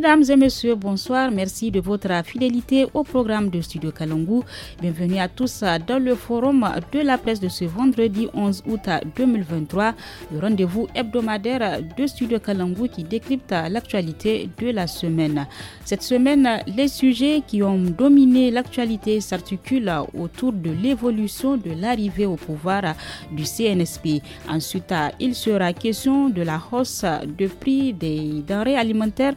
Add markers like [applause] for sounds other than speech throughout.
Mesdames et messieurs, bonsoir. Merci de votre fidélité au programme de Studio Kalangou. Bienvenue à tous dans le forum de la presse de ce vendredi 11 août 2023, le rendez-vous hebdomadaire de Studio Kalangou qui décrypte l'actualité de la semaine. Cette semaine, les sujets qui ont dominé l'actualité s'articulent autour de l'évolution de l'arrivée au pouvoir du CNSP. Ensuite, il sera question de la hausse de prix des denrées alimentaires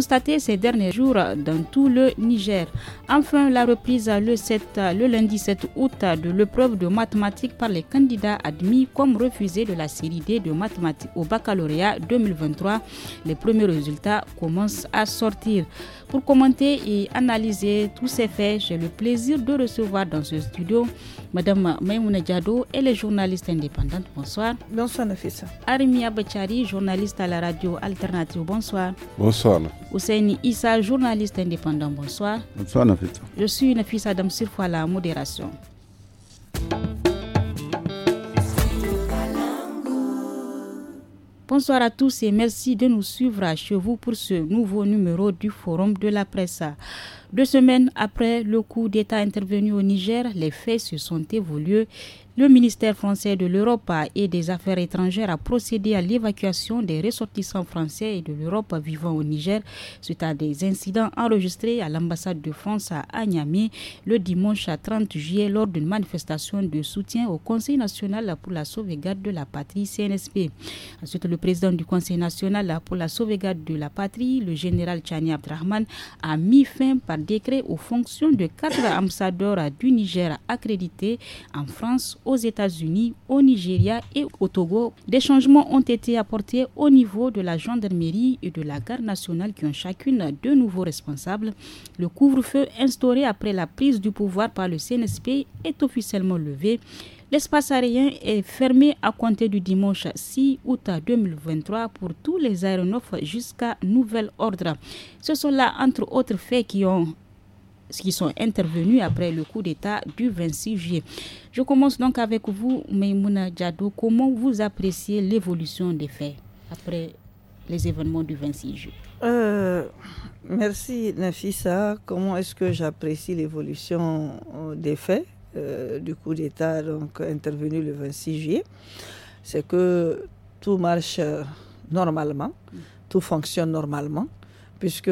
constaté ces derniers jours dans tout le Niger. Enfin, la reprise le, lundi 7 août de l'épreuve de mathématiques par les candidats admis comme refusés de la série D de mathématiques au baccalauréat 2023. Les premiers résultats commencent à sortir. Pour commenter et analyser tous ces faits, j'ai le plaisir de recevoir dans ce studio Madame Maimouna Diado, elle est journaliste indépendante. Bonsoir. Bonsoir, Nafisa. Arimi Bachari, journaliste à la radio Alternative. Bonsoir. Bonsoir. Ousseini Issa, journaliste indépendant. Bonsoir. Bonsoir, Nafisa. Je suis Nafisa Adam Sirfouala, la modération. Bonsoir à tous et merci de nous suivre à chez vous pour ce nouveau numéro du Forum de la presse. Deux semaines après le coup d'État intervenu au Niger, les faits se sont évolués. Le ministère français de l'Europe et des Affaires étrangères a procédé à l'évacuation des ressortissants français et de l'Europe vivant au Niger suite à des incidents enregistrés à l'ambassade de France à Niamey le dimanche 30 juillet lors d'une manifestation de soutien au Conseil national pour la sauvegarde de la patrie CNSP. Ensuite, le président du Conseil national pour la sauvegarde de la patrie, le général Chani Abdrahman, a mis fin par décret aux fonctions de quatre ambassadeurs du Niger accrédités en France, aux États-Unis, au Nigeria et au Togo. Des changements ont été apportés au niveau de la gendarmerie et de la garde nationale qui ont chacune deux nouveaux responsables. Le couvre-feu instauré après la prise du pouvoir par le CNSP est officiellement levé. L'espace aérien est fermé à compter du dimanche 6 août 2023 pour tous les aéronefs jusqu'à nouvel ordre. Ce sont là, entre autres faits, qui ont qui sont intervenus après le coup d'État du 26 juillet. Je commence donc avec vous, Meymouna Djadou, Comment vous appréciez l'évolution des faits après les événements du 26 juillet euh, Merci, Nafisa. Comment est-ce que j'apprécie l'évolution euh, des faits euh, du coup d'État donc intervenu le 26 juillet, c'est que tout marche normalement, tout fonctionne normalement, puisque...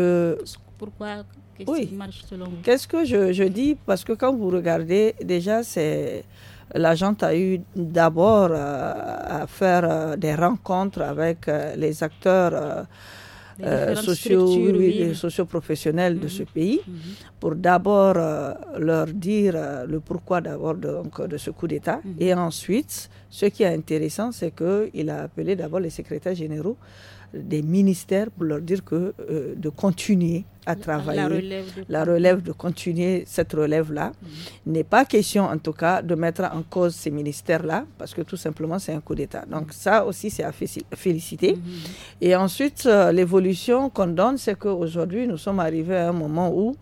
Pourquoi Qu'est-ce qui marche selon vous Qu'est-ce que je, dis Parce que quand vous regardez, déjà, c'est la gente a eu d'abord euh, à faire euh, des rencontres avec les acteurs euh, socio, de ce mhm. pays, mhm. pour d'abord euh, leur dire euh, le pourquoi d'abord de, de, ce coup d'État. Mhm. Et ensuite, ce qui est intéressant, c'est qu'il a appelé d'abord les secrétaires généraux des ministères pour leur dire que euh, de continuer à travailler, la relève de, continuer cette relève-là. Mhm. N'est pas question, en tout cas, de mettre en cause ces ministères-là, parce que tout simplement, c'est un coup d'État. Donc, ça aussi, c'est à féliciter. Mhm. Et ensuite, euh, l'évolution qu'on donne, c'est qu'aujourd'hui, nous sommes arrivés à un moment où,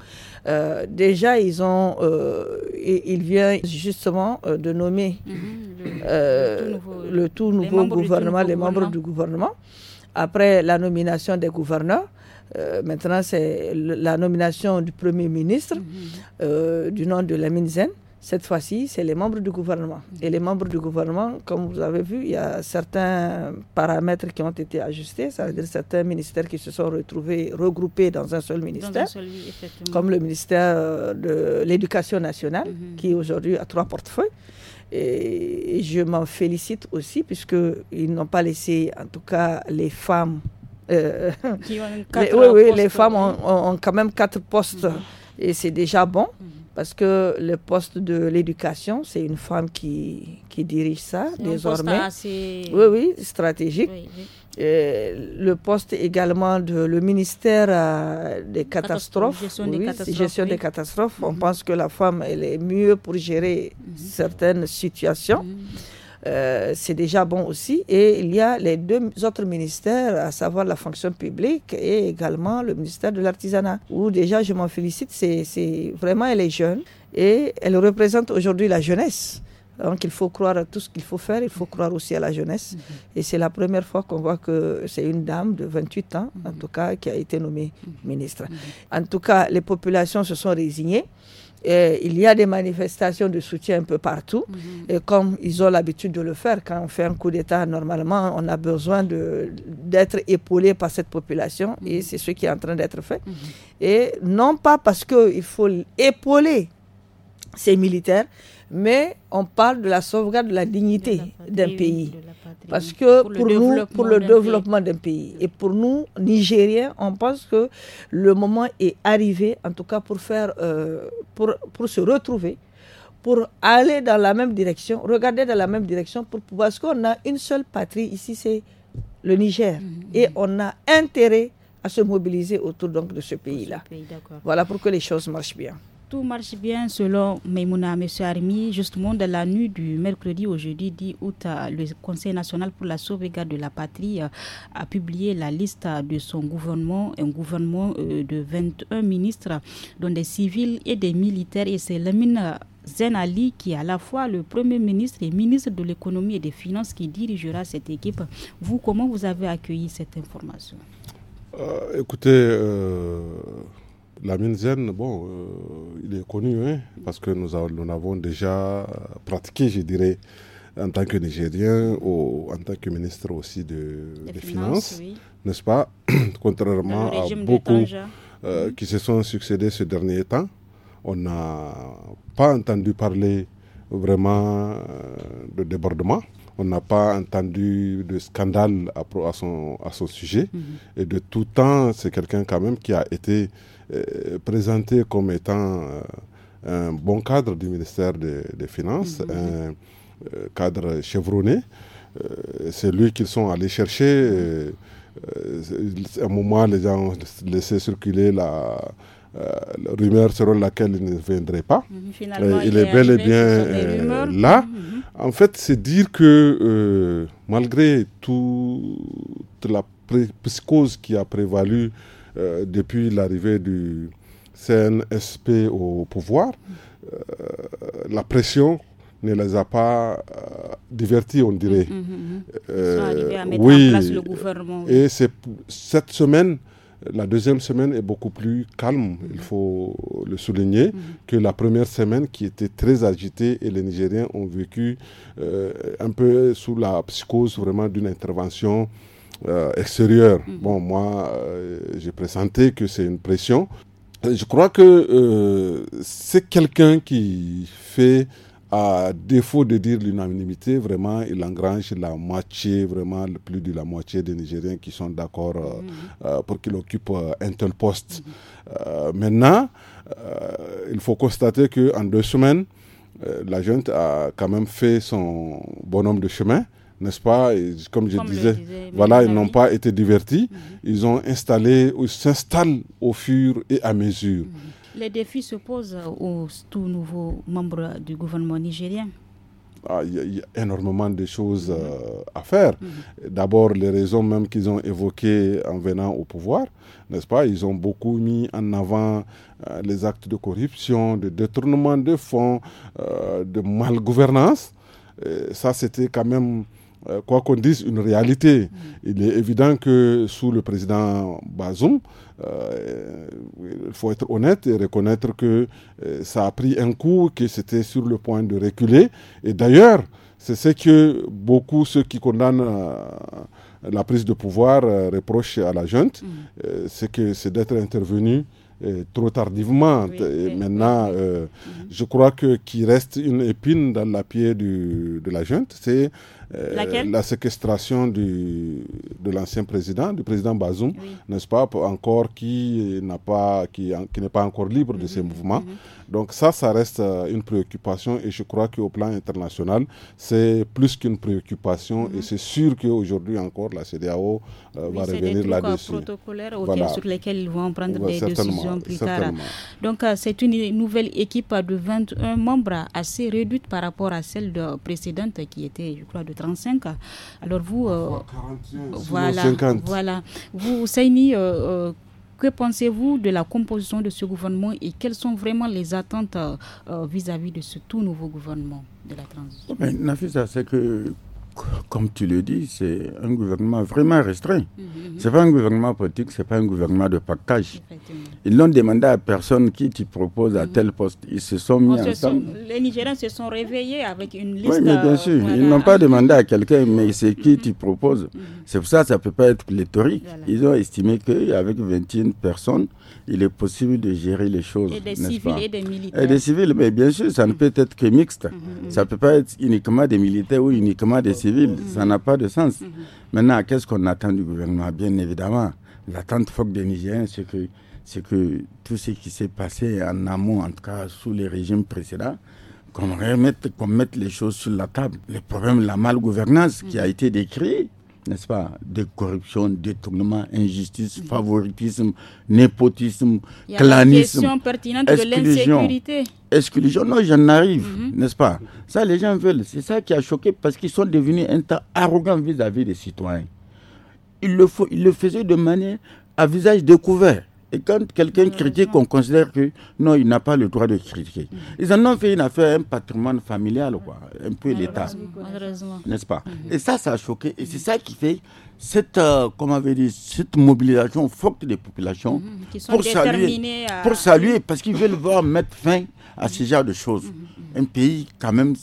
euh, déjà, ils ont, euh, il vient justement de nommer mhm. le, tout nouveau, le tout nouveau gouvernement, les membres du gouvernement après la nomination des gouverneurs, euh, maintenant c'est la nomination du Premier ministre mhm. euh, du nom de la Cette fois-ci, c'est les membres du gouvernement. Mhm. Et les membres du gouvernement, comme vous avez vu, il y a certains paramètres qui ont été ajustés, cest à dire certains ministères qui se sont retrouvés regroupés dans un seul ministère, comme le ministère euh, de l'Éducation nationale, mhm. qui aujourd'hui a trois portefeuilles. Et je m'en félicite aussi, puisqu'ils n'ont pas laissé, en tout cas, les femmes. Euh, [laughs] oui, oui, les femmes ont, quand même quatre postes. Mm-hmm. Et c'est déjà bon. Mm-hmm parce que le poste de l'éducation, c'est une femme qui, qui dirige ça désormais. Oui, oui, stratégique. Euh, le poste également de le ministère euh, des catastrophes, gestion, des, catastrophes, On mhm. pense que la femme elle est mieux pour gérer mhm. certaines situations. Mhm. Euh, c'est déjà bon aussi. Et il y a les deux autres ministères, à savoir la fonction publique et également le ministère de l'artisanat, où déjà je m'en félicite, c'est vraiment elle est jeune et elle représente aujourd'hui la jeunesse. Donc il faut croire à tout ce qu'il faut faire, il faut croire aussi à la jeunesse. Et c'est la première fois qu'on voit que c'est une dame de 28 ans, en tout cas, qui a été nommée ministre. En tout cas, les populations se sont résignées. Euh, il y a des manifestations de soutien un peu partout, mhm. et comme ils ont l'habitude de le faire, quand on fait un coup d'État, normalement, on a besoin d'être épaulé par cette population, et mhm. c'est ce qui est en train d'être fait. Mhm. Et non pas parce qu'il faut épauler ces militaires, mais on parle de la sauvegarde de la dignité d'un pays. Parce que pour, nous, pour le développement d'un pays. et pour nous, Nigériens, on pense que le moment est arrivé, en tout cas pour, faire, euh, pour, pour se retrouver pour aller dans la même direction, regarder dans la même direction, pour, parce qu'on a une seule patrie ici, c'est le Niger. Mm-hmm. Et on a intérêt à se mobiliser autour donc, de ce pays-là. voilà pour que les choses marchent bien. Tout marche bien selon Maimouna Armi. Justement, de la nuit du mercredi au jeudi 10 août, le Conseil national pour la sauvegarde de la patrie euh, a publié la liste de son gouvernement, un gouvernement euh, de 21 ministres, dont des civils et des militaires. Et c'est Lamine Zen Ali, qui est à la fois le Premier ministre et ministre de l'économie et des finances, qui dirigera cette équipe. Vous, comment vous avez accueilli cette information euh, Écoutez. La mine zen, bon, euh, il est connu, hein, parce que nous, l'avons déjà pratiqué, je dirais, en tant que Nigérien ou en tant que ministre aussi de, des, Finances, n'est-ce pas [coughs] Contrairement à beaucoup euh, mhm. qui se sont succédés ces derniers temps, on n'a pas entendu parler vraiment euh, de débordement on n'a pas entendu de scandale à, son, à sujet. Mm-hmm. Et de tout temps, c'est quelqu'un quand même qui a été euh, présenté comme étant euh, un bon cadre du ministère des Finances, mm-hmm. un euh, cadre chevronné. c'est lui qu'ils sont allés chercher. à un moment, les gens ont laissé circuler la, rumeur selon laquelle il ne viendrait pas. Mm-hmm. il, est, bel et bien là. En fait, c'est dire que euh, malgré toute la psychose qui a prévalu euh, depuis l'arrivée du CNSP au pouvoir, euh, la pression ne les a pas divertis, on dirait. Mmh, mmh, mmh. oui, en place le gouvernement. Et cette semaine, la deuxième semaine est beaucoup plus calme, il mhm. faut le souligner, mhm. que la première semaine qui était très agitée et les Nigériens ont vécu euh, un peu sous la psychose vraiment d'une intervention euh, extérieure. Mhm. Bon, moi, euh, j'ai présenté que c'est une pression. Je crois que c'est quelqu'un qui fait à défaut de dire l'unanimité, vraiment, il engrange la moitié, vraiment plus de la moitié des Nigériens qui sont d'accord euh, mhm. euh, pour qu'il occupe euh, un tel poste. Mhm. maintenant, il faut constater qu'en deux semaines, la junte a quand même fait son bonhomme de chemin n'est-ce pas comme je disais, voilà, ils n'ont pas été divertis. Mhm. Ils ont installé, ils s'installent au fur et à mesure. Les défis se posent aux tout nouveaux membres du gouvernement nigérien. Ah, il y, a énormément de choses euh, à faire. Mhm. D'abord, les raisons même qu'ils ont évoquées en venant au pouvoir, n'est-ce pas Ils ont beaucoup mis en avant euh, les actes de corruption, de détournement de fonds, euh, de malgouvernance. ça, c'était quand même quoi qu'on dise, une réalité. Mhm. Il est évident que sous le président Bazoum, il euh, faut être honnête et reconnaître que euh, ça a pris un coup, que c'était sur le point de reculer. Et d'ailleurs, c'est ce que beaucoup ceux qui condamnent euh, la prise de pouvoir reprochent à la junte, mm. c'est que c'est d'être intervenu trop tardivement. et maintenant, mm. je crois que qui reste une épine dans la pied de la junte, c'est euh, la séquestration du, de l'ancien président, du président Bazoum, n'est-ce pas, encore qui n'a pas, qui, qui n'est pas encore libre de ses mhm, mouvements. Mhm. Donc ça, ça reste euh, une préoccupation et je crois qu'au plan international, c'est plus qu'une préoccupation et mhm. c'est sûr qu'aujourd'hui encore, la CDAO euh, va revenir là-dessus. protocolaires sur lesquels ils vont prendre des décisions plus tard. Donc c'est une nouvelle équipe de 21 membres assez réduite par rapport à celle de précédente qui était, je crois, de 35 Alors vous, euh, voilà, voilà. Vous, Saini, euh, euh, que pensez-vous de la composition de ce gouvernement et quelles sont vraiment les attentes vis-à-vis de ce tout nouveau gouvernement de la transition Nafisa, c'est que comme tu le dis, c'est un gouvernement vraiment restreint. Mhm, mhm. C'est Ce n'est pas un gouvernement politique, ce n'est pas un gouvernement de pactage. Ils n'ont demandé à personne qui tu proposes à mhm. tel poste. Ils se sont mis oh, ensemble. les Nigériens se sont réveillés avec une liste. Oui, euh, bien sûr. Ils n'ont pas demandé à quelqu'un, mais c'est qui tu proposes. C'est pour ça que ça ne peut pas être pléthorique. Ils ont estimé qu'avec 21 personnes, il est possible de gérer les choses. Et des civils et des militaires. Et des civils, mais bien sûr, ça ne mm. peut être que mixte. Mm-hmm, mm-hmm. Ça ne peut pas être uniquement des militaires ou uniquement des civils. Mm-hmm. Ça n'a pas de sens. Maintenant, qu'est-ce qu'on attend du gouvernement Bien évidemment, l'attente forte des Nigériens, c'est que, c'est que tout ce qui s'est passé en amont, en tout cas sous les régimes précédents, qu'on remette, qu'on mette les choses sur la table. Le problème de la malgouvernance qui a été décrit, n'est-ce pas, de corruption, détournement, injustice, favoritisme, népotisme, clanisme. question pertinente de l'insécurité. Exclusion, non, j'en arrive, mhm. n'est-ce pas Ça, les gens veulent. C'est ça qui a choqué parce qu'ils sont devenus un tas arrogants vis-à-vis des citoyens. il le, faut, ils le faisaient de manière à visage découvert. Et quand quelqu'un euh, critique, on considère que non, il n'a pas le droit de critiquer. Mm-hmm. Ils en ont fait une affaire, un patrimoine familial, quoi, un peu l'État. N'est-ce pas mm-hmm. Et ça, ça a choqué. Et c'est ça qui fait cette, euh, dit, cette mobilisation forte des populations mm-hmm. pour, saluer, pour saluer, parce qu'ils veulent voir mettre fin à ce genre de choses. Un pays, quand même,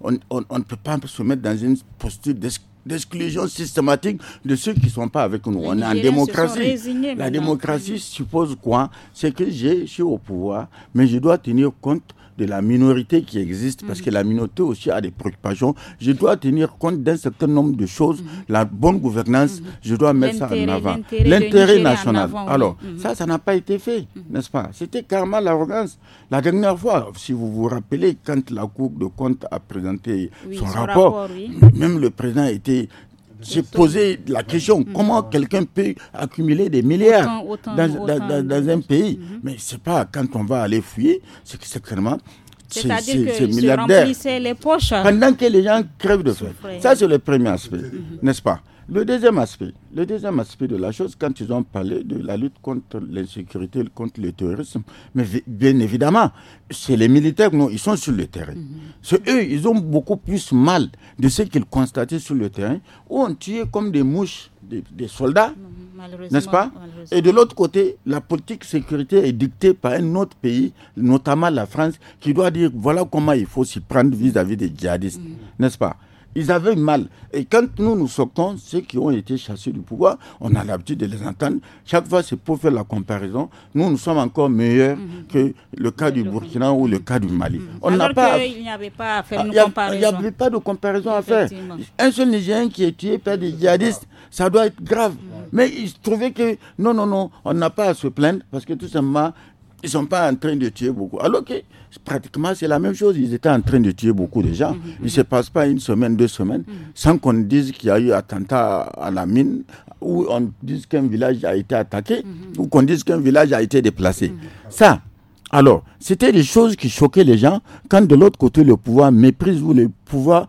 on ne peut pas se mettre dans une posture d'esclavage d'exclusion systématique de ceux qui ne sont pas avec nous. on est en démocratie. la démocratie suppose quoi C'est que je suis au pouvoir, mais je dois tenir compte de la minorité qui existe, parce mm. que la minorité aussi a des préoccupations. Je dois tenir compte d'un certain nombre de choses. Mm. La bonne gouvernance, mm. je dois mettre ça en avant. L'intérêt national. Alors, ça, ça n'a pas été fait, n'est-ce pas C'était carrément l'arrogance. La dernière fois, si vous vous rappelez, quand la Cour de compte a présenté son, rapport, même le président était j'ai poser la question mm-hmm. comment mm-hmm. quelqu'un peut accumuler des milliards dans, un pays. Mais mm-hmm. ce Mais c'est pas quand on va aller fuir, c'est que clairement C'est-à-dire que les poches. Pendant que les gens crèvent de faim. Ça, c'est le premier aspect, n'est-ce pas le deuxième aspect, le deuxième aspect de la chose, quand ils ont parlé de la lutte contre l'insécurité, contre le terrorisme, mais bien évidemment, c'est les militaires, non, ils sont sur le terrain. Mhm. C'est eux, ils ont beaucoup plus mal de ce qu'ils constataient sur le terrain, où on tuait comme des mouches des, soldats, mhm, n'est-ce pas Et de l'autre côté, la politique sécurité est dictée par un autre pays, notamment la France, qui doit dire voilà comment il faut s'y prendre vis-à-vis des djihadistes, mhm. n'est-ce pas ils avaient mal. Et quand nous nous sortons, ceux qui ont été chassés du pouvoir, on a l'habitude de les entendre. Chaque fois, c'est pour faire la comparaison. Nous, nous sommes encore meilleurs mhm. que le cas du Burkina ou le cas du Mali. Mhm. On n'a pas. Il n'y avait pas à faire ah, une comparaison. Il n'y avait pas de comparaison à faire. Un seul Nigérien qui est tué par des djihadistes, ça doit être grave. Mhm. Mais il se trouvait que non, non, non, on n'a pas à se plaindre parce que tout simplement, ils ne sont pas en train de tuer beaucoup. Alors que pratiquement, c'est la même chose. Ils étaient en train de tuer beaucoup de gens. Mhm. Il ne se passe pas une semaine, deux semaines, mhm. sans qu'on dise qu'il y a eu attentat à la mine, ou on dise qu'un village a été attaqué, mhm. ou qu'on dise qu'un village a été déplacé. Ça, alors, c'était des choses qui choquaient les gens quand de l'autre côté le pouvoir méprise ou le pouvoir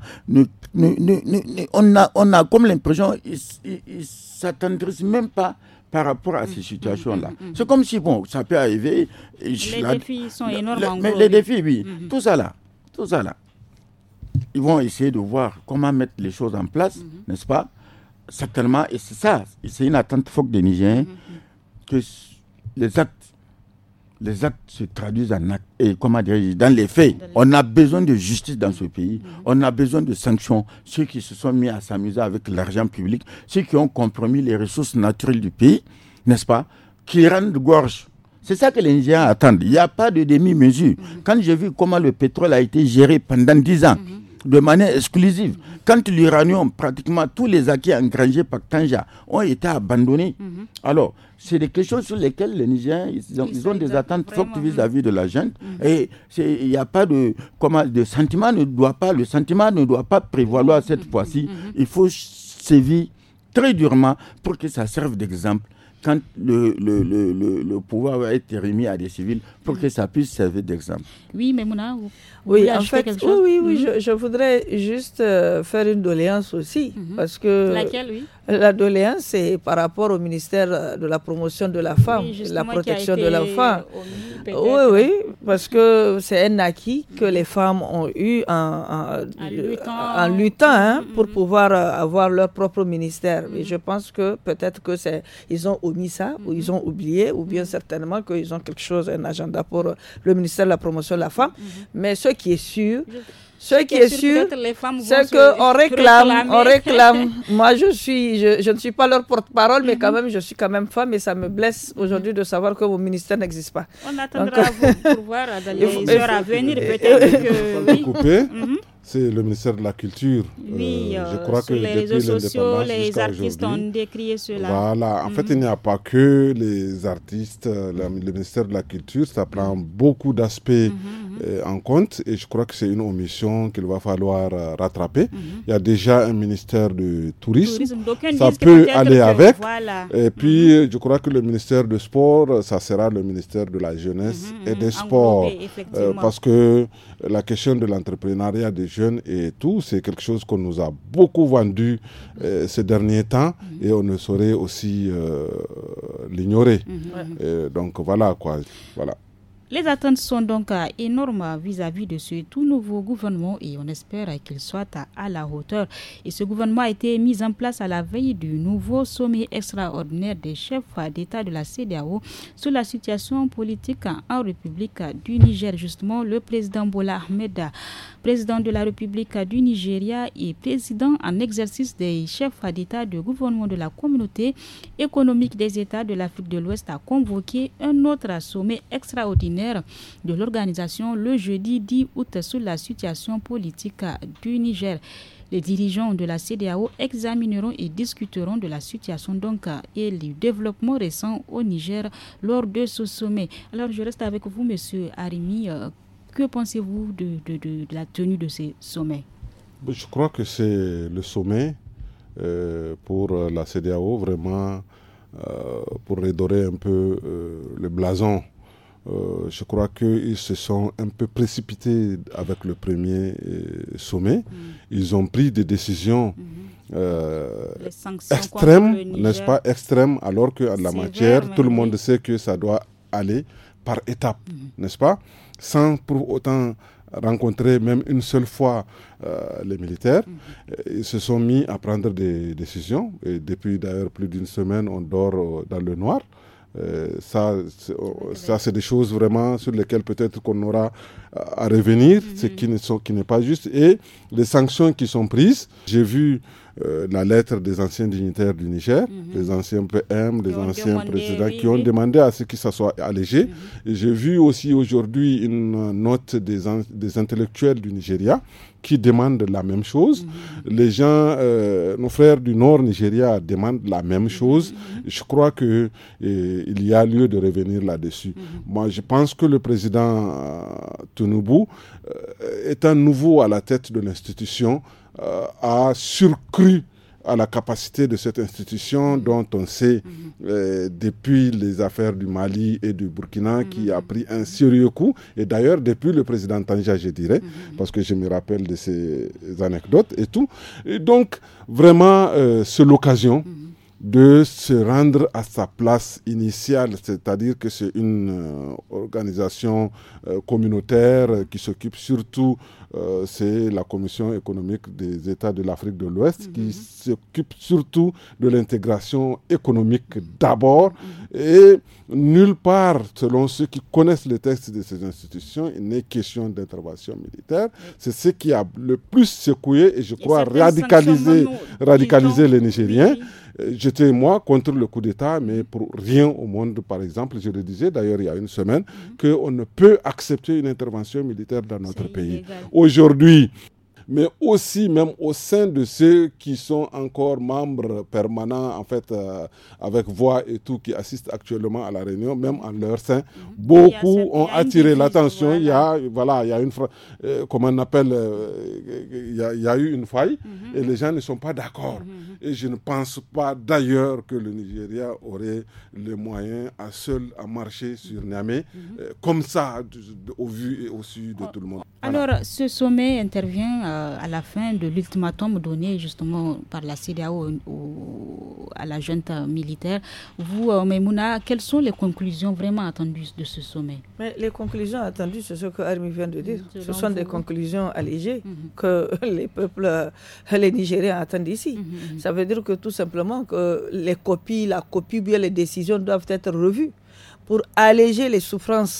on, a, on a comme l'impression qu'ils ne s'attendrissent même pas par rapport à mm, ces mm, situations-là. Mm, c'est comme si, bon, ça peut arriver. Les défis sont énormes. mais les défis, oui. Tout ça là, tout ça là. Ils vont essayer de voir comment mettre les choses en place, n'est-ce pas Certainement, et c'est ça, c'est une attente forte des Nigériens que les actes les actes se traduisent en actes. Et comment dire, dans les faits, on a besoin de justice dans ce mhm. pays. On a besoin de sanctions. Ceux qui se sont mis à s'amuser avec l'argent public, ceux qui ont compromis les ressources naturelles du pays, n'est-ce pas, qui rendent gorge. C'est ça que les Nigériens attendent. Il n'y a pas de demi-mesure. Mhm. Quand j'ai vu comment le pétrole a été géré pendant dix ans, mhm de manière exclusive. Quand l'uranium, pratiquement tous les acquis engrangés par Tanja ont été abandonnés. Mhm. Alors, c'est des questions sur lesquelles les Nigériens, ils ont, des attentes fortes vis-à-vis de la gente. Mhm. Et il n'y a pas de, comment, de sentiment ne doit pas, le sentiment ne doit pas prévaloir cette mhm. fois-ci. Il faut sévir très durement pour que ça serve d'exemple quand le, le, le, pouvoir va être remis à des civils pour que ça puisse servir d'exemple. Oui, mais Mouna, vous oui, en fait, quelque chose Oui, oui, mhm. je, voudrais juste euh, faire une doléance aussi. Mhm. parce que, Laquelle, oui la doléance, c'est par rapport au ministère euh, de la promotion de la femme, la protection de la femme. Oui, oui, parce que c'est un acquis que les femmes ont eu en, luttant, hein, mm-hmm. pour pouvoir euh, avoir leur propre ministère. Mm-hmm. je pense que peut-être que c'est ils ont omis ça, ou mm-hmm. ils ont oublié, ou bien certainement qu'ils ont quelque chose, un agenda pour euh, le ministère de la promotion de la femme. Mais ce qui est sûr, ce qui est sûr, c'est qu'on réclame, on réclame. [laughs] Moi, je suis, je, ne suis pas leur porte-parole, mais quand mhm. même, je suis quand même femme et ça me blesse aujourd'hui de savoir que mon ministère n'existe pas. On attendra vous pour voir [laughs] dans les heures à venir, peut-être que... Oui. Mhm c'est le ministère de la Culture. Oui, euh, je euh, crois que les réseaux sociaux, les artistes ont décrié cela. Voilà, en mm. fait, il n'y a pas que les artistes, euh, mm. le ministère de la Culture, ça prend beaucoup d'aspects mm-hmm, mm-hmm. en compte et je crois que c'est une omission qu'il va falloir rattraper. Mm-hmm. Il y a déjà un ministère du tourisme, ça peut aller avec. Et puis, je crois que le ministère de sport, ça sera le ministère de la jeunesse et des sports. parce que la question de l'entrepreneuriat des jeunes et tout, c'est quelque chose qu'on nous a beaucoup vendu euh, ces derniers temps mhm. et on ne saurait aussi euh, l'ignorer. Mhm. Donc voilà quoi. Voilà. Les attentes sont donc euh, énormes vis-à-vis de ce tout nouveau gouvernement et on espère qu'il soit à la hauteur. Et ce gouvernement a été mis en place à la veille du nouveau sommet extraordinaire des chefs d'État de la CDAO sur la situation politique en République du Niger. Justement, le président Bola Ahmed, président de la République du Nigeria et président en exercice des chefs d'État du gouvernement de la communauté économique des États de l'Afrique de l'Ouest, a convoqué un autre sommet extraordinaire de l'organisation le jeudi 10 août sur la situation politique du Niger. Les dirigeants de la CDAO examineront et discuteront de la situation donc et du développement récent au Niger lors de ce sommet. Alors je reste avec vous, Monsieur Arimi. Que pensez-vous de, la tenue de ces sommets Je crois que c'est le sommet euh, pour la CDAO vraiment euh, pour redorer un peu euh, le blason euh, je crois qu'ils se sont un peu précipités avec le premier euh, sommet. Mm. Ils ont pris des décisions mm-hmm. euh, extrêmes, n'est-ce pas, extrêmes, alors que la matière, tout le monde sait que ça doit aller par étapes, mm-hmm. n'est-ce pas, sans pour autant rencontrer même une seule fois les militaires. Mm-hmm. Ils se sont mis à prendre des décisions. Et depuis d'ailleurs plus d'une semaine, on dort dans le noir. Euh, ça, oh, ça c'est des choses vraiment sur lesquelles peut-être qu'on aura à revenir, ce mhm. qui n'est pas juste. Et les sanctions qui sont prises, j'ai vu euh, la lettre des anciens dignitaires du Niger, mhm. des anciens PM, des anciens présidents qui ont demandé à ce que ça soit allégé. Mhm. J'ai vu aussi aujourd'hui une note des, intellectuels du Nigeria qui demandent la même chose. Mhm. Les gens, euh, nos frères du Nord Nigeria demandent la même chose. Je crois que eh, il y a lieu de revenir là-dessus. Moi, je pense que le président euh, euh, est un nouveau à la tête de l'institution. Euh, a surcru à la capacité de cette institution mm-hmm. dont on sait mm-hmm. euh, depuis les affaires du Mali et du Burkina mm-hmm. qui a pris un sérieux coup et d'ailleurs depuis le président Tanja je dirais parce que je me rappelle de ces anecdotes et tout et donc vraiment euh, c'est l'occasion de se rendre à sa place initiale, c'est-à-dire que c'est une organisation communautaire qui s'occupe surtout euh, c'est la Commission économique des États de l'Afrique de l'Ouest qui mhm. s'occupe surtout de l'intégration économique d'abord. Mhm. Et nulle part, selon ceux qui connaissent les textes de ces institutions, il n'est question d'intervention militaire. C'est ce qui a le plus secoué et je crois radicalisé, les Nigériens. Euh, j'étais, moi, contre le coup d'État, mais pour rien au monde, par exemple, je le disais d'ailleurs il y a une semaine, mhm. qu'on ne peut accepter une intervention militaire dans notre pays. Aujourd'hui, mais aussi même au sein de ceux qui sont encore membres permanents, en fait, euh, avec voix et tout, qui assistent actuellement à la réunion, même en leur sein. Mhm. Beaucoup ont attiré l'attention. Il y a, voilà, il y a une, euh, comment on appelle, euh, il y, a, eu une faille mhm. et les gens ne sont pas d'accord. Mhm, et je ne pense pas d'ailleurs que le Nigeria aurait les moyens à seul à marcher sur Niamey, comme ça, au vu et au su de oh, tout le monde. Alors, ce sommet intervient euh, à la fin de l'ultimatum donné justement par la CDAO à la junte militaire. Vous, euh, Memouna, quelles sont les conclusions vraiment attendues de ce sommet Mais Les conclusions attendues, c'est ce que Armi vient de dire. ce sont des conclusions allégées mm-hmm. que [laughs] les peuples, euh, les Nigériens attendent ici. Mm-hmm, mm-hmm. Ça veut dire que tout simplement que les copies, la copie, bien les décisions doivent être revues pour alléger les souffrances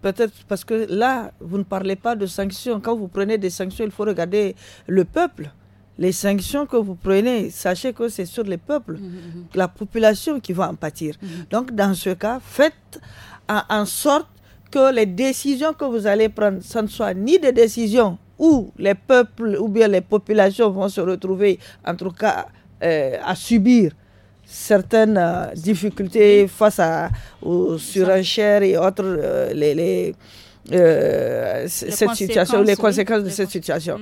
Peut-être parce que là, vous ne parlez pas de sanctions. Quand vous prenez des sanctions, il faut regarder le peuple. Les sanctions que vous prenez, sachez que c'est sur les peuples, mmh, mmh, mmh. la population qui va en pâtir. Donc, dans ce cas, faites en sorte que les décisions que vous allez prendre, ça ne soit ni des décisions où les peuples ou bien les populations vont se retrouver, en tout cas, euh, à subir certaines euh, difficultés face à, aux surenchères et autres, euh, les, euh, les, cette situation, les conséquences de cette situation.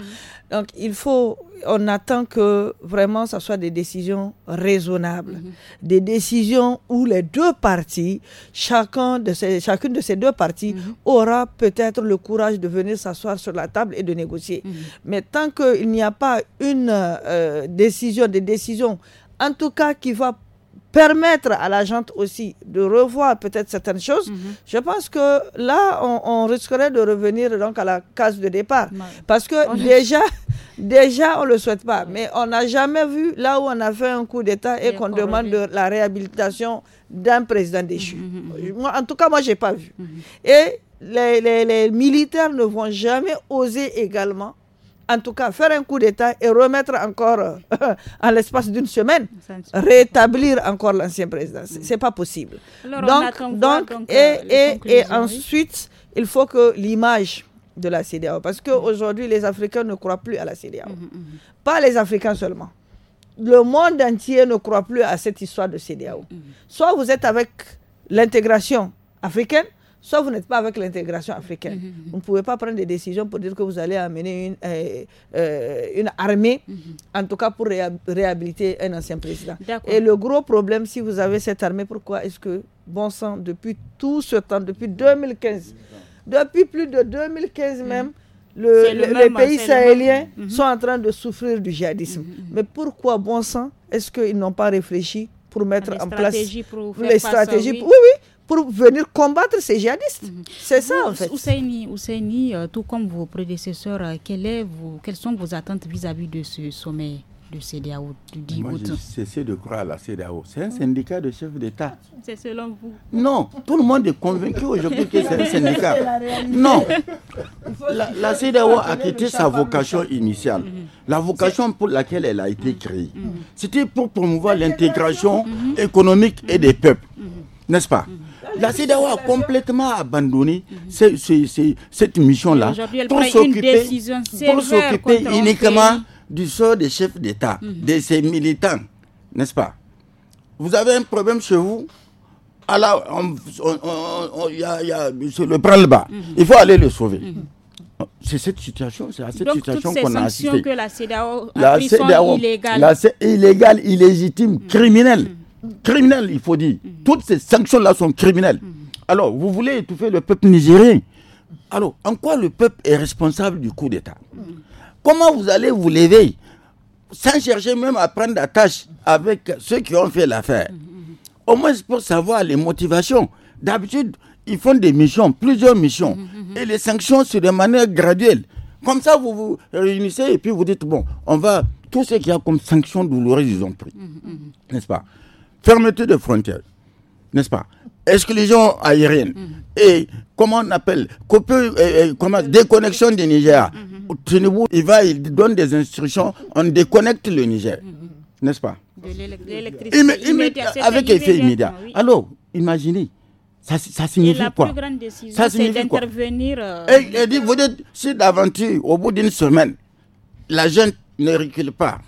Donc, il faut, on attend que vraiment ce soit des décisions raisonnables, mhm. des décisions où les deux parties, chacun de ces, chacune de ces deux parties mhm. aura peut-être le courage de venir s'asseoir sur la table et de négocier. Mhm. Mais tant qu'il n'y a pas une décision, des décisions en tout cas qui va permettre à la gente aussi de revoir peut-être certaines choses, mhm. je pense que là, on, risquerait de revenir donc à la case de départ. Parce que déjà, [laughs] déjà, on ne le souhaite pas. Mais on n'a jamais vu là où on a fait un coup d'État et, qu'on demande la réhabilitation d'un président déchu. Mhm, mhm, en tout cas, moi, je n'ai pas vu. Et les, les militaires ne vont jamais oser également en tout cas, faire un coup d'État et remettre encore, euh, [laughs] en l'espace d'une semaine, rétablir encore l'ancien président. C'est n'est pas possible. donc, donc, et, euh, et, ensuite, il faut que l'image de la CDAO, parce qu'aujourd'hui, mhm. les Africains ne croient plus à la CDAO. Mhm, mhm, pas les Africains seulement. Le monde entier ne croit plus à cette histoire de CDAO. Soit vous êtes avec l'intégration africaine, soit vous n'êtes pas avec l'intégration africaine. Mhm, mhm. Vous ne pouvez pas prendre des décisions pour dire que vous allez amener une, euh, euh, une armée, mhm, en tout cas pour réhabiliter un ancien président. Et le gros problème, si vous avez cette armée, pourquoi est-ce que, bon sang, depuis tout ce temps, depuis 2015, depuis plus de 2015 même, les pays sahéliens sont en train de souffrir du djihadisme. Mais pourquoi, bon sang, est-ce qu'ils n'ont pas réfléchi pour mettre en place les stratégies. Face, oui, oui, oui pour venir combattre ces djihadistes. Mhm. C'est ça, en fait. Ousseini, euh, tout comme vos prédécesseurs, euh, quelles sont vos attentes vis-à-vis de ce sommet du CDAO du 10 Moi, de croire à la CDAO. C'est un syndicat de chefs d'État. C'est selon vous Non, tout le monde est convaincu aujourd'hui que c'est un syndicat. [laughs] non. La, la CDAO a quitté sa vocation initiale, mhm. la vocation pour laquelle elle a été créée. Mhm. C'était pour promouvoir l'intégration économique et des peuples, n'est-ce pas la CEDAO a complètement abandonné cette mission-là pour s'occuper uniquement du sort des chefs d'État, mhm. de ses militants, n'est-ce pas Vous avez un problème chez vous alors, il y a, le prend-le-bas. Mhm. Il faut aller le sauver. Mhm. C'est cette situation, c'est à cette situation qu'on a assisté. la CEDAO a la illégale. illégale, illégitime, criminelle. Criminel, il faut dire. Mm. Toutes ces sanctions-là sont criminelles. Mm. Alors, vous voulez étouffer le peuple nigérien Alors, en quoi le peuple est responsable du coup d'État mm. Comment vous allez vous lever sans chercher même à prendre la tâche avec ceux qui ont fait l'affaire Au moins pour savoir les motivations. D'habitude, ils font des missions, plusieurs missions. Et les sanctions, c'est de manière graduelle. Comme ça, vous vous réunissez et puis vous dites, bon, on va, tout ce qu'il y a comme sanctions douloureuses, ils ont pris. N'est-ce pas fermeture de frontières, n'est-ce pas Exclusion aérienne. Mm-hmm. Et comment on appelle euh, euh, comment, Déconnexion du Niger. Mm-hmm. Tinubu, il va, il donne des instructions, on déconnecte le Niger. Mm-hmm. N'est-ce pas avec effet immédiat. Alors, imaginez. Ça, ça, signifie la grande décision, c'est d'intervenir. Euh, dit, vous dites, si d'aventure, au bout d'une semaine, la jeune ne recule pas,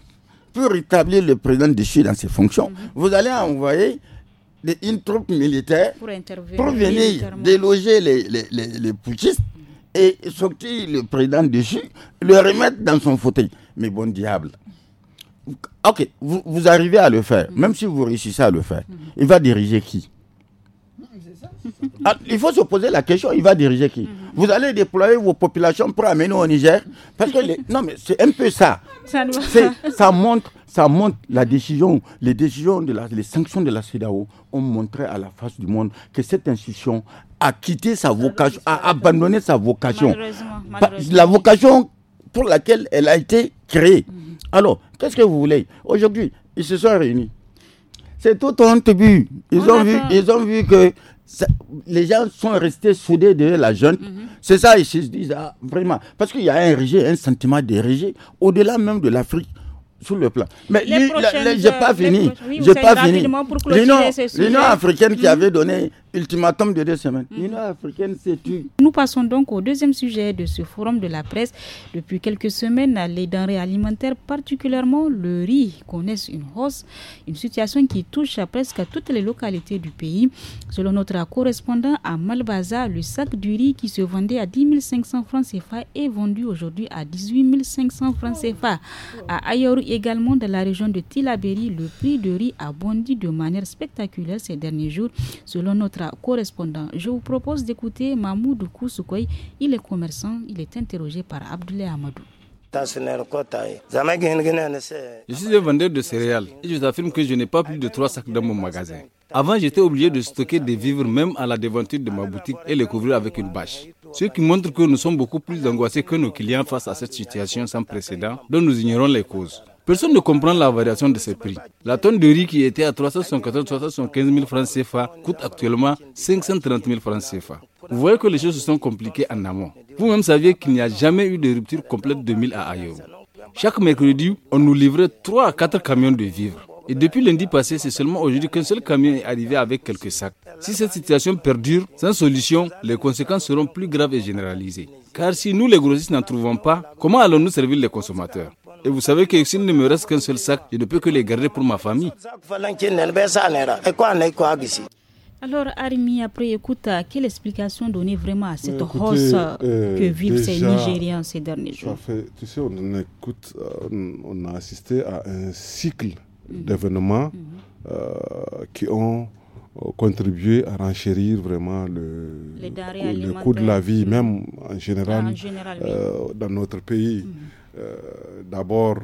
rétablir le président déchu dans ses fonctions, mhm. vous allez envoyer une troupe militaire pour, venir déloger les, les, putschistes et sortir le président déchu, le remettre dans son fauteuil. Mais bon diable. Ok, vous, arrivez à le faire, mhm. même si vous réussissez à le faire. Mhm. Il va diriger qui ah, il faut se poser la question, il va diriger qui mhm. Vous allez déployer vos populations pour amener au Niger Parce que Non, mais c'est un peu ça. Ça, montre, ça montre la décision, les décisions, de les sanctions de la CEDAO ont montré à la face du monde que cette institution a quitté sa vocation, a abandonné sa vocation. La vocation pour laquelle elle a été créée. Mhm. Alors, qu'est-ce que vous voulez Aujourd'hui, ils se sont réunis. C'est tout un début. Ils, ont vu, ils ont vu que les gens sont restés soudés de la jeune. Mhm. C'est ça, ils se disent, ah, vraiment. Parce qu'il y a un régime un sentiment de rejet, au-delà même de l'Afrique sur le plan. Mais je n'ai pas fini. j'ai pas euh, fini. L'Union africaine qui mhm. avait donné ultimatum de deux semaines. Mhm. L'Union africaine s'est tue. Nous passons donc au deuxième sujet de ce forum de la presse. Depuis quelques semaines, les denrées alimentaires, particulièrement le riz, connaissent une hausse, une situation qui touche à presque toutes les localités du pays. Selon notre correspondant à Malbaza, le sac du riz qui se vendait à 10 500 francs CFA est vendu aujourd'hui à 18 500 francs CFA. À Ayoru également dans la région de Tilaberi, le prix de riz a bondi de manière spectaculaire ces derniers jours. Selon notre correspondant, je vous propose d'écouter Mamoudou Koussoukoy. Il est commerçant. Il est interrogé par Abdoulaye Amadou. Je suis un vendeur de céréales et je vous affirme que je n'ai pas plus de trois sacs dans mon magasin. Avant, j'étais obligé de stocker des vivres même à la devanture de ma boutique et les couvrir avec une bâche. Ce qui montre que nous sommes beaucoup plus angoissés que nos clients face à cette situation sans précédent dont nous ignorons les causes. Personne ne comprend la variation de ces prix. La tonne de riz qui était à 314-315 000 francs CFA coûte actuellement 530 000 francs CFA. Vous voyez que les choses se sont compliquées en amont. Vous-même saviez qu'il n'y a jamais eu de rupture complète de 1000 à Ayo. Chaque mercredi, on nous livrait 3 à 4 camions de vivres. Et depuis lundi passé, c'est seulement aujourd'hui qu'un seul camion est arrivé avec quelques sacs. Si cette situation perdure sans solution, les conséquences seront plus graves et généralisées. Car si nous, les grossistes, n'en trouvons pas, comment allons-nous servir les consommateurs et vous savez que s'il ne me reste qu'un seul sac, je ne peux que les garder pour ma famille. Alors, Arimi, après écoute, quelle explication donner vraiment à cette euh, hausse euh, que vivent ces Nigériens ces derniers jours Tu sais, euh, on, a assisté à un cycle mhm. d'événements mhm. qui ont contribué à renchérir vraiment le, le coût de la vie, mhm. même en général, ah, dans notre pays. Euh, d'abord,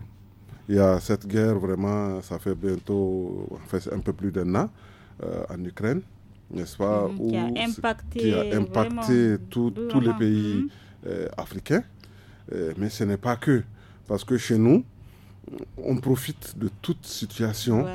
il y a cette guerre, vraiment, ça fait bientôt fait un peu plus d'un an euh, en Ukraine, n'est-ce pas mhm. qui, a impacté, tous les pays mhm. euh, africains. mais ce n'est pas que. Parce que chez nous, on profite de toute situation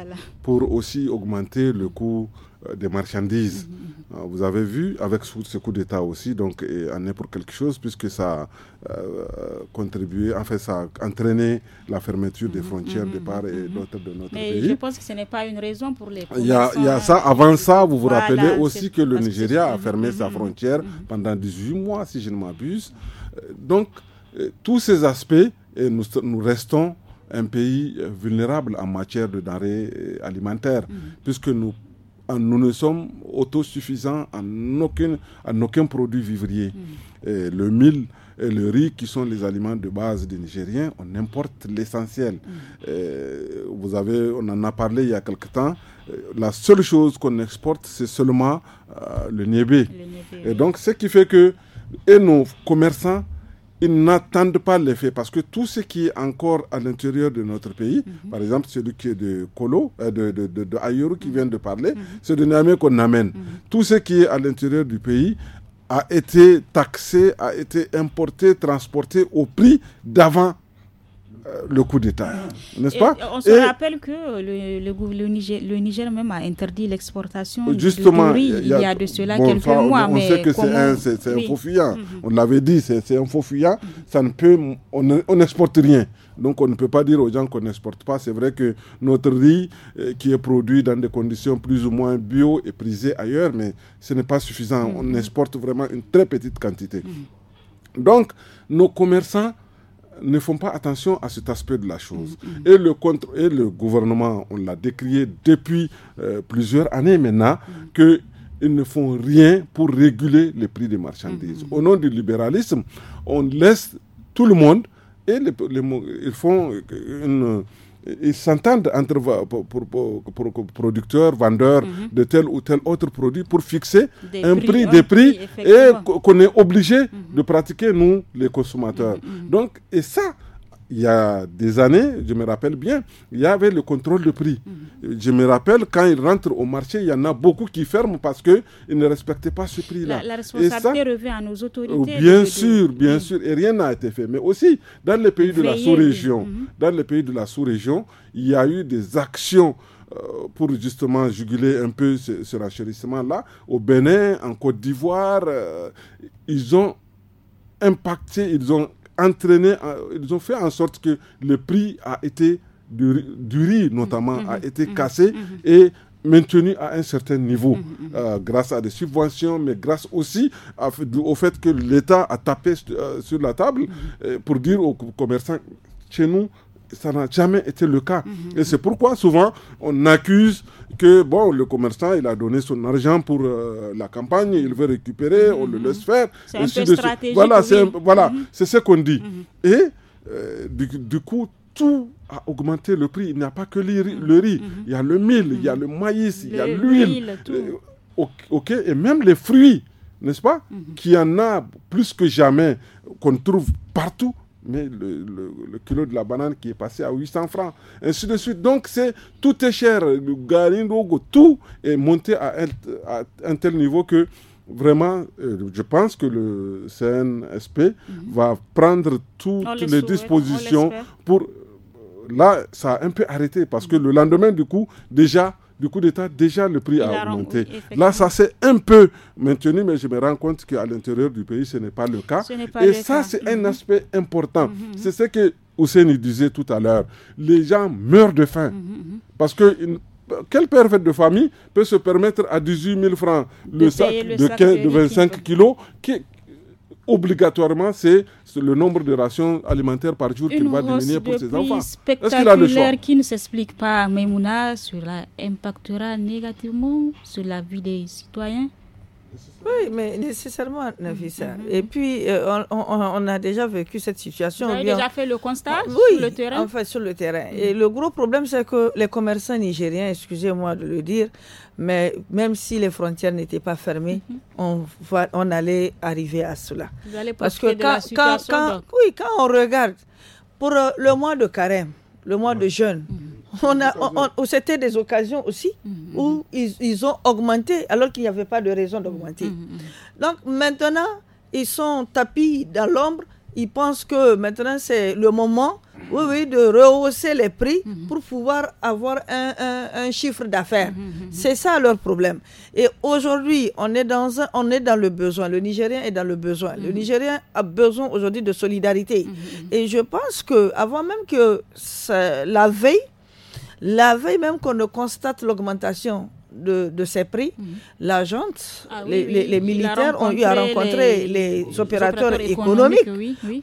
pour aussi augmenter le coût euh, des marchandises. Mhm, mhm. Euh, vous avez vu, avec ce coup d'État aussi, donc on est pour quelque chose, puisque ça a euh, contribué, en fait, ça a entraîné la fermeture des mhm, frontières de part et d'autre de notre pays. Mais Je pense que ce n'est pas une raison pour les. Il y, a, ça. Avant ça, vous vous rappelez aussi que le Nigeria a fermé sa frontière pendant 18 mois, si je ne m'abuse. Donc, tous ces aspects, nous, nous restons un pays euh, vulnérable en matière de denrées euh, alimentaires, mhm. puisque nous, euh, nous ne sommes autosuffisants en, aucune, en aucun produit vivrier. Mhm. le mil, et le riz, qui sont les aliments de base des Nigériens, on importe l'essentiel. Mhm. Vous avez, on en a parlé il y a quelque temps. La seule chose qu'on exporte, c'est seulement le niébé. Et donc, ce qui fait que et nos commerçants ils n'attendent pas l'effet parce que tout ce qui est encore à l'intérieur de notre pays, mhm. par exemple celui qui est de Kolo, euh, de, de, Ayuru qui mhm. vient de parler, mhm. c'est de Niamey qu'on amène. Tout ce qui est à l'intérieur du pays a été taxé, a été importé, transporté au prix d'avant euh, le coup d'État, mm. n'est-ce pas On se rappelle que le, Niger, même a interdit l'exportation du riz il y a de cela quelques mois. On sait que c'est un, faux fuyant. On l'avait dit, c'est un faux fuyant. Ça ne peut, on n'exporte rien. Donc on ne peut pas dire aux gens qu'on n'exporte pas. C'est vrai que notre riz, euh, qui est produit dans des conditions plus ou moins bio, est prisé ailleurs, mais ce n'est pas suffisant. On mm-hmm. exporte vraiment une très petite quantité. Mm-hmm. Donc nos commerçants ne font pas attention à cet aspect de la chose. Mm, mm. Et, le contre, et le gouvernement, on l'a décrié depuis euh, plusieurs années maintenant, qu'ils mm. que ne font rien pour réguler les prix des marchandises. Au nom du libéralisme, on laisse tout le monde et ils font euh, une ils s'entendent entre pour, pour, producteurs, vendeurs mhm. de tel ou tel autre produit pour fixer un prix, ah des prix et qu'on est obligé mhm. de pratiquer, nous, les consommateurs. Mhm. Donc, et ça, il y a des années, je me rappelle bien, il y avait le contrôle de prix. Mhm. Je me rappelle, quand ils rentrent au marché, il y en a beaucoup qui ferment parce qu'ils ne respectaient pas ce prix-là. La, responsabilité revient à nos autorités. Oh, bien sûr, bien mhm. sûr, et rien n'a été fait. Mais aussi, dans les pays de la sous-région, mhm. dans les pays de la sous-région, il y a eu des actions euh, pour justement juguler un peu ce, rachérissement-là. Au Bénin, en Côte d'Ivoire, euh, ils ont impacté, ils ont entraîné, euh, ils ont fait en sorte que le prix a été du, riz notamment mm-hmm. a mm-hmm. été mm-hmm. cassé et maintenu à un certain niveau euh, grâce à des subventions, mais grâce aussi au fait que l'État a tapé euh, sur la table pour dire aux commerçants, chez nous, ça n'a jamais été le cas. Mhm. Et c'est pourquoi souvent on accuse que bon, le commerçant, il a donné son argent pour euh, la campagne, il veut récupérer, on le mhm. laisse faire. C'est un peu Voilà, mhm. c'est voilà, ce qu'on dit. Et euh, du, coup, tout a augmenté le prix. Il n'y a pas que le, riz, il y a le mil, il y a le maïs, il y a l'huile. Euh, ok, et même les fruits, n'est-ce pas Qui en a plus que jamais, qu'on trouve partout mais le, le, kilo de la banane qui est passé à 800 francs, ainsi de suite. Donc, c'est tout est cher. Le logo tout est monté à un, tel niveau que vraiment, euh, je pense que le CNSP mhm. va prendre toutes les dispositions pour... Euh, là, ça a un peu arrêté parce que le lendemain, du coup, déjà, du coup d'État, déjà le prix a augmenté. Là, ça s'est un peu maintenu, mais je me rends compte qu'à l'intérieur du pays, ce n'est pas le cas. et ça, c'est un mhm. aspect important. Mhm, mhm. C'est ce que Hussein disait tout à l'heure. Les gens meurent de faim. Parce que une, quel père de famille peut se permettre à 18 000 francs le sac, de, 25 kilos obligatoirement, c'est le nombre de rations alimentaires par jour qu'il va diminuer pour ses enfants. Est-ce qu'il a le choix qui ne s'explique pas, Memouna, cela impactera négativement sur la vie des citoyens oui, mais nécessairement, Nafisa. Mhm, mhm. Et puis, euh, on, a déjà vécu cette situation. Vous avez déjà fait le constat ah, sur le terrain Oui, sur le terrain. Et le gros problème, c'est que les commerçants nigériens, excusez-moi de le dire, mais même si les frontières n'étaient pas fermées, mhm. on, allait arriver à cela. Vous allez Parce que quand, quand, oui, quand on regarde, pour euh, le mois de carême, le mois de jeûne, on a, c'était des occasions aussi mm, mm, où mm. ils, ils, ont augmenté alors qu'il n'y avait pas de raison d'augmenter. Donc maintenant, ils sont tapis dans l'ombre. Ils pensent que maintenant c'est le moment oui, de rehausser les prix pour pouvoir avoir un, chiffre d'affaires. C'est ça leur problème. Et aujourd'hui, on, est dans on est dans le besoin. Le Nigérien est dans le besoin. Le Nigérien a besoin aujourd'hui de solidarité. Et je pense que avant même que la veille, la veille même qu'on ne constate l'augmentation de, ces prix, mhm. la junte, ah les, militaires ont eu à rencontrer les, opérateurs, économiques.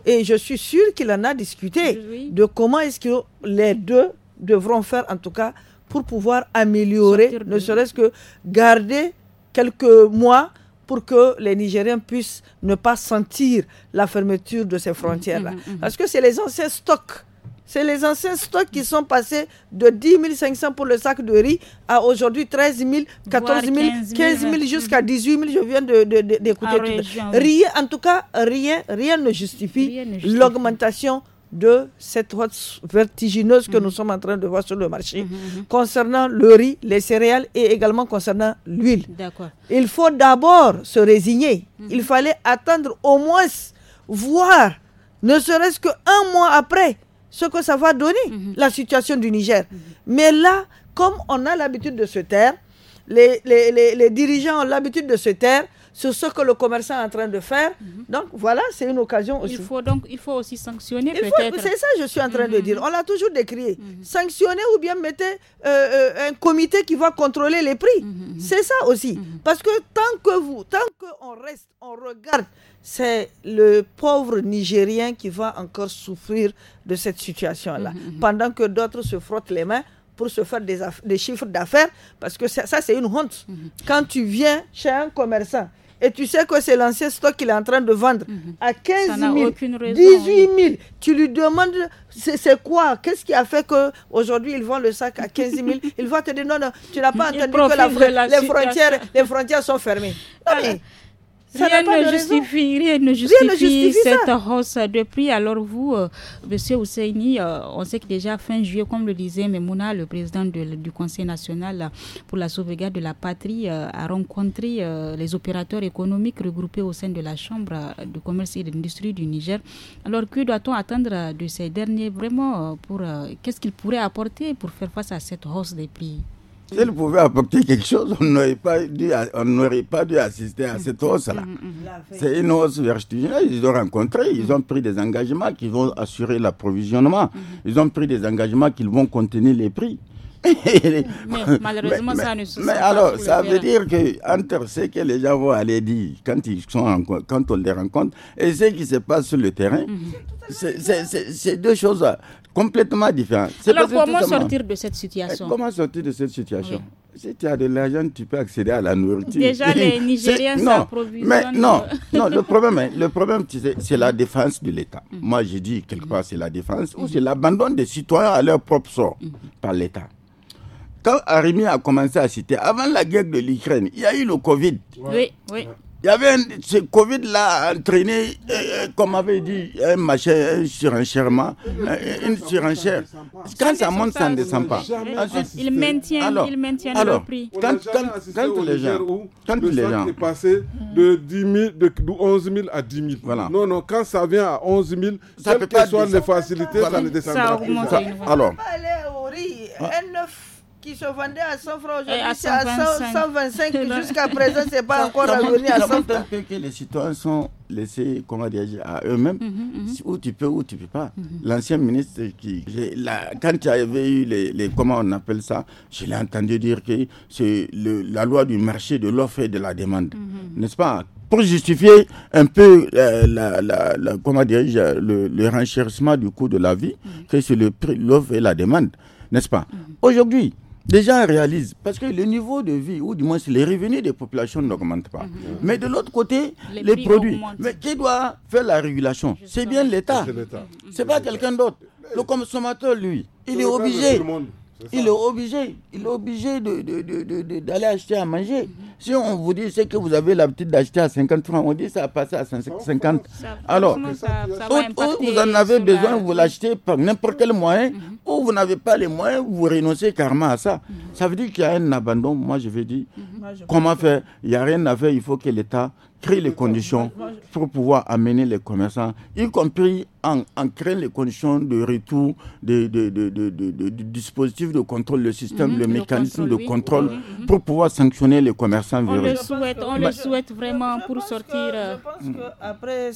et je suis sûr qu'il en a discuté de comment est-ce que les deux devront faire, en tout cas, pour pouvoir améliorer, ne serait-ce que garder quelques mois pour que les Nigériens puissent ne pas sentir la fermeture de ces frontières-là. Mhm, mhm, Parce que c'est les anciens stocks c'est les anciens stocks qui sont passés de 10 500 pour le sac de riz à aujourd'hui 13 000, 14 000, 15 000, jusqu'à 18 000. Je viens d'écouter de, de, Rien, ah, en tout cas, rien, rien ne justifie l'augmentation de cette hausse vertigineuse que mm-hmm. nous sommes en train de voir sur le marché mm-hmm, mm-hmm. concernant le riz, les céréales et également concernant l'huile. Il faut d'abord se résigner. Il fallait attendre au moins voire ne serait-ce qu'un mois après, ce que ça va donner, mhm. la situation du Niger. Mais là, comme on a l'habitude de se taire, les, dirigeants ont l'habitude de se taire sur ce que le commerçant est en train de faire. Mhm. Donc voilà, c'est une occasion aussi. Il faut donc il faut aussi sanctionner peut-être. C'est ça que je suis en train de mhm. dire. On l'a toujours décrié. Sanctionner ou bien mettre euh, euh, un comité qui va contrôler les prix. C'est ça aussi. Parce que tant que vous, tant qu'on reste, on regarde c'est le pauvre Nigérien qui va encore souffrir de cette situation-là, mm-hmm, mm-hmm. pendant que d'autres se frottent les mains pour se faire des, chiffres d'affaires, parce que ça, c'est une honte. Mm-hmm. Quand tu viens chez un commerçant et tu sais que c'est l'ancien stock qu'il est en train de vendre à 15 000, 18 000, tu lui demandes c'est quoi, qu'est-ce qui a fait qu'aujourd'hui il vend le sac à 15 000, [laughs] il va te dire non, non, tu n'as pas entendu que la, les, frontières, les frontières sont fermées. Non, [laughs] rien, ne justifie, cette hausse de prix. Alors vous, euh, Monsieur Ousseini, euh, on sait que déjà fin juillet, comme le disait Memouna, le président du Conseil national pour la sauvegarde de la patrie, euh, a rencontré les opérateurs économiques regroupés au sein de la Chambre de commerce et d'industrie du Niger. Alors que doit-on attendre de ces derniers vraiment pour qu'est-ce qu'ils pourraient apporter pour faire face à cette hausse des prix si elle pouvait apporter quelque chose, on n'aurait pas, dû, pas dû assister à cette hausse-là. Mm, mm, mm. C'est une hausse vertigineuse. Ils ont rencontré, ils ont pris des engagements qui vont assurer l'approvisionnement. Mm-hmm. Ils ont pris des engagements qui vont contenir les prix. [laughs] mais, malheureusement, ça ne se pas. mais alors, ça veut dire que entre ce que les gens vont aller dire quand, ils sont quand on les rencontre et ce qui se passe sur le terrain, mm-hmm. c'est deux choses complètement différent. Alors eh, comment sortir de cette situation Comment sortir de cette situation Si tu as de l'argent, tu peux accéder à la nourriture. Déjà, les [laughs] Nigériens s'approvisionnent. Mais non, non le [laughs] problème, le problème c'est la défense de l'État. Mm. Moi, je dis quelque mm. part, c'est la défense ou mm. c'est l'abandon des citoyens à leur propre sort par l'État. Quand Arimi a commencé à citer, avant la guerre de l'Ukraine, il y a eu le Covid. Oui, oui. Il y avait ce Covid là entraîné, euh, euh, comme avait dit un machin, un surenchèrement, euh, une surenchère. Quand ça monte, ça ne descend pas. Ensuite, il maintient, alors, il maintient alors, le prix. Quand, quand, quand les gens, quand le les gens, est passé de 10 de, 11 000 à 10 000. Non, non, quand ça vient à 11 000, ça quelles que soient les facilités, ça ne descend pas. Ça augmente. alors. Un ah. œuf qui se vendait à 100 francs aujourd'hui, c'est à, 125, [laughs] jusqu'à présent, ce n'est pas encore revenu à 100 francs. que les citoyens sont laissés, comment dire, à eux-mêmes, mhm, mhm. où tu peux, où tu ne peux pas. Mhm. L'ancien ministre, qui, la, quand il y avait eu les, les, comment on appelle ça, je l'ai entendu dire que c'est la loi du marché, de l'offre et de la demande, n'est-ce pas pour justifier un peu euh, la, comment le, le renchérissement du coût de la vie, que c'est l'offre et la demande, n'est-ce pas Aujourd'hui, Déjà, gens réalisent parce que le niveau de vie, ou du moins les revenus des populations n'augmentent pas. Mhm. Mais de l'autre côté, les, produits. Mais qui doit faire la régulation C'est bien l'État. C'est pas quelqu'un d'autre. Le consommateur, lui, il est, obligé. il est obligé. Il est obligé d'aller de, acheter à manger. Mhm. Si on vous dit ce que vous avez l'habitude d'acheter à 50 francs, on dit ça a passé à 50. Alors, vous en avez besoin, vous l'achetez par n'importe quel moyen, mhm. ou vous n'avez pas les moyens, vous renoncez carrément à ça. Mhm. Ça veut dire qu'il y a un abandon. Moi, je vais dire, mhm. comment faire Il n'y a rien à faire, il faut que l'État créer les conditions pour pouvoir amener les commerçants, y compris en, créant les conditions de retour des de, de, dispositifs de contrôle, le système, mhm. le, mécanisme de contrôle, pour pouvoir sanctionner les commerçants on Le souhaite, on le bah, souhaite vraiment pour sortir. Que, euh, je pense qu'après, mm.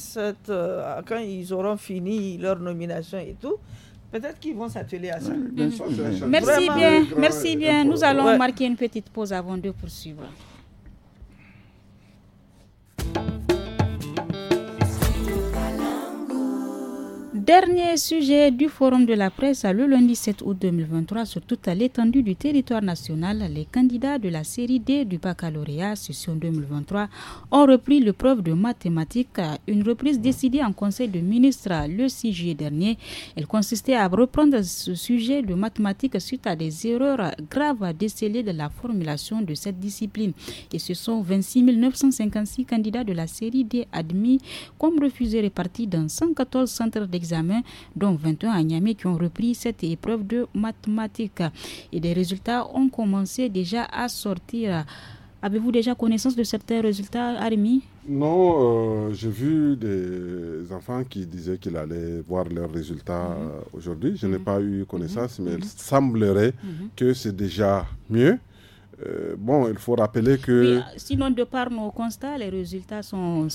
euh, quand ils auront fini leur nomination et tout, Peut-être qu'ils vont s'atteler à ça. Mhm. Merci bien, euh, merci bien. Nous allons marquer une petite pause avant de poursuivre. you. Dernier sujet du forum de la presse le lundi 7 août 2023 sur toute l'étendue du territoire national. Les candidats de la série D du baccalauréat session 2023 ont repris l'épreuve de mathématiques, une reprise décidée en conseil de ministre le 6 juillet dernier. Elle consistait à reprendre ce sujet de mathématiques suite à des erreurs graves décelées de la formulation de cette discipline. Et ce sont 26 956 candidats de la série D admis comme refusés répartis dans 114 centres d'examen dont 21 à Niamey, qui ont repris cette épreuve de mathématiques. Et des résultats ont commencé déjà à sortir. Avez-vous déjà connaissance de certains résultats, Arimi Non, euh, j'ai vu des enfants qui disaient qu'ils allaient voir leurs résultats mhm. euh, aujourd'hui. Je n'ai mhm. pas eu connaissance, mhm. mais il semblerait que c'est déjà mieux. Euh, bon, il faut rappeler que... sinon, de par nos constats, les résultats sont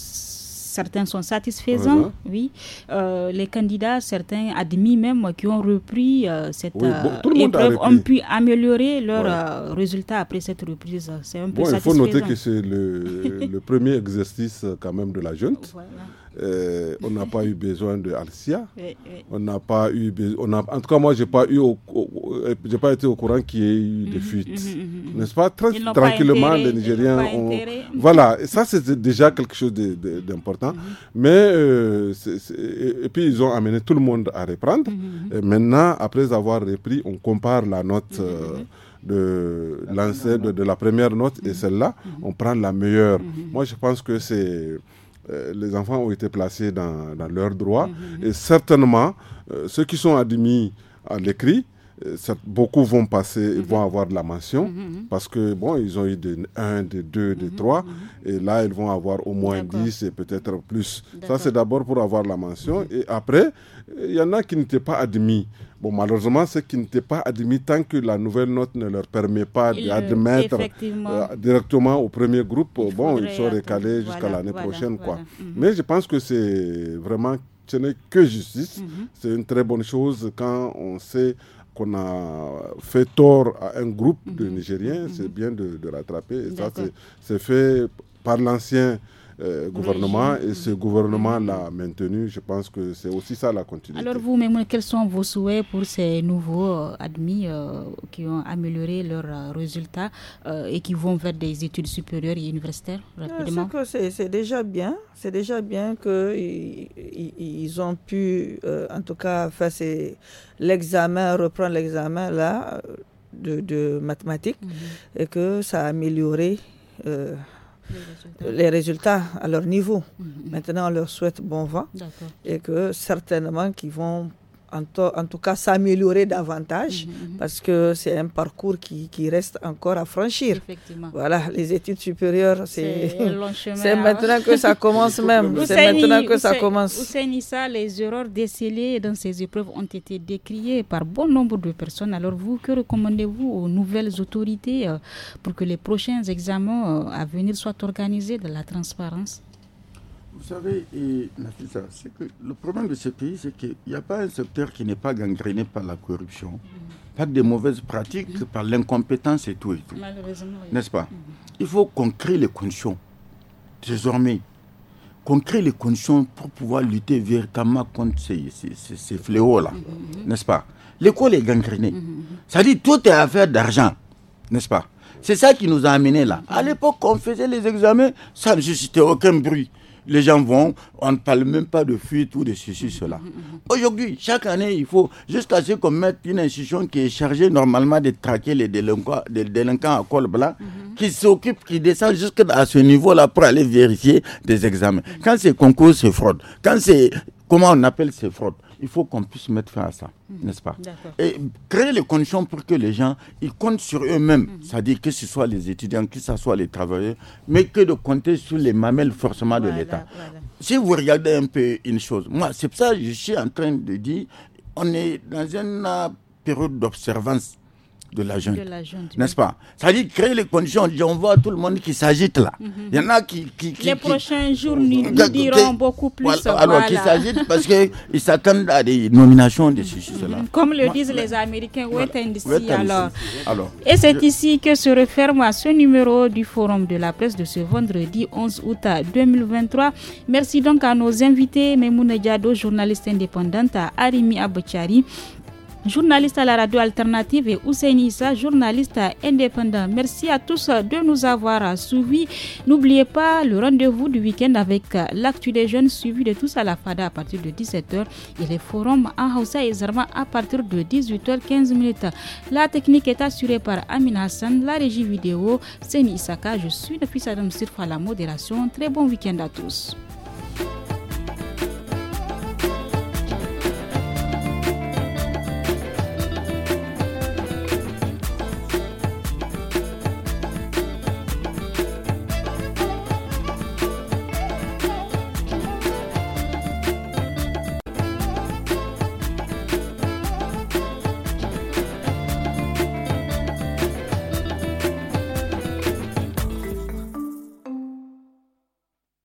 certains sont satisfaisants, oui. Euh, les candidats, certains admis même, euh, qui ont repris euh, cette épreuve, ont pu améliorer leurs résultats après cette reprise. C'est un peu satisfaisant. Il faut noter que c'est le, premier exercice quand même de la junte. Euh, on n'a pas eu besoin de Alcia. On n'a pas eu on en tout cas moi j'ai pas eu euh, j'ai pas été au courant qu'il y ait eu des mhm, fuites. Mhm, mhm, N'est-ce pas tranquillement les Nigériens ont, voilà, ça c'est déjà quelque chose d'important. Mais euh, et puis ils ont amené tout le monde à reprendre. Et maintenant après avoir repris, on compare la note de de, la première note et celle-là, on prend la meilleure. Moi je pense que c'est euh, les enfants ont été placés dans, leurs droits. Mhm. Et certainement, euh, ceux qui sont admis à l'écrit euh, beaucoup vont passer, mhm. vont avoir de la mention mhm, mhm, parce que bon, ils ont eu de 1, de 2, de 3 et là ils vont avoir au moins 10 et peut-être plus. Ça c'est d'abord pour avoir la mention et après il y en a qui n'étaient pas admis. Bon, malheureusement, ceux qui n'étaient pas admis tant que la nouvelle note ne leur permet pas d'admettre euh, directement au premier groupe, bon, ils sont recalés jusqu'à l'année prochaine, quoi. Mais je pense que c'est vraiment ce n'est que justice. C'est une très bonne chose quand on sait qu'on a fait tort à un groupe de mhm. Nigériens, c'est mhm. bien de, rattraper. Et ça, c'est fait par l'ancien euh, gouvernement. Et ce gouvernement l'a maintenu. Je pense que c'est aussi ça la continuité. Alors vous, même quels sont vos souhaits pour ces nouveaux euh, admis euh, qui ont amélioré leurs résultats et qui vont vers des études supérieures et universitaires rapidement ah, C'est déjà bien. C'est déjà bien qu'ils ils ont pu, en tout cas, faire l'examen, reprendre l'examen là de, mathématiques mhm. et que ça a amélioré les résultats. à leur niveau. Mm-hmm. Maintenant, on leur souhaite bon vent et que certainement qu'ils vont en, tout cas s'améliorer davantage mhm, mhm. parce que c'est un parcours qui, reste encore à franchir. Voilà, les études supérieures, c'est [laughs] hein. maintenant que ça commence même. C'est maintenant que ça commence. les erreurs décelées dans ces épreuves ont été décriées par bon nombre de personnes. Alors vous, que recommandez-vous aux nouvelles autorités euh, pour que les prochains examens euh, à venir soient organisés dans la transparence vous savez, et, c'est que le problème de ce pays, c'est qu'il n'y a pas un secteur qui n'est pas gangréné par la corruption, mm-hmm. par des mauvaises pratiques, mm-hmm. par l'incompétence et tout et tout. Malheureusement. N'est-ce pas mm-hmm. Il faut qu'on crée les conditions, désormais, qu'on crée les conditions pour pouvoir lutter véritablement contre ces, fléaux-là. N'est-ce pas L'école est gangrénée. Ça dit, tout est affaire d'argent. N'est-ce pas C'est ça qui nous a amenés là. À l'époque, on faisait les examens, ça ne suscitait aucun bruit les gens vont, on ne parle même pas de fuite ou de ceci, cela. Mm, mm, mm, Aujourd'hui, chaque année, il faut jusqu'à ce qu'on mette une institution qui est chargée normalement de traquer les délinquants, délinquants à col blanc, qui s'occupe, qui descend jusqu'à ce niveau-là pour aller vérifier des examens. Quand c'est concours, c'est fraude. Quand c'est, comment on appelle ces fraudes il faut qu'on puisse mettre fin à ça, mhm. n'est-ce pas Et créer les conditions pour que les gens, ils comptent sur eux-mêmes, mhm. c'est-à-dire que ce soit les étudiants, que ce soit les travailleurs, mais que de compter sur les mamelles forcément de l'État. Si vous regardez un peu une chose, moi, c'est ça que je suis en train de dire, on est dans une euh, période d'observance de la N'est-ce pas Ça dit créer les conditions. On voit tout le monde qui s'agite là. Mm-hmm. Il y en a qui. les prochains jours nous, diront beaucoup plus. alors, qui s'agit parce qu'ils s'attendent à des nominations de mm-hmm. Comme le disent les Américains, Alors. Et c'est ici que se referme à ce numéro du Forum de la presse de ce vendredi 11 août 2023. Merci donc à nos invités, Memouna Diado, journaliste indépendante, à Arimi Abouchari, journaliste à la radio alternative, et Hussein Issa, journaliste indépendant. Merci à tous de nous avoir suivis. N'oubliez pas le rendez-vous du week-end avec l'actu des jeunes suivi de tous à la FADA à partir de 17h et les forums en Hausa et Zarma à partir de 18h15. La technique est assurée par Amina Hassan, la régie vidéo, C'est Issaka, Je suis depuis Adam Sirfa la modération. Très bon week-end à tous.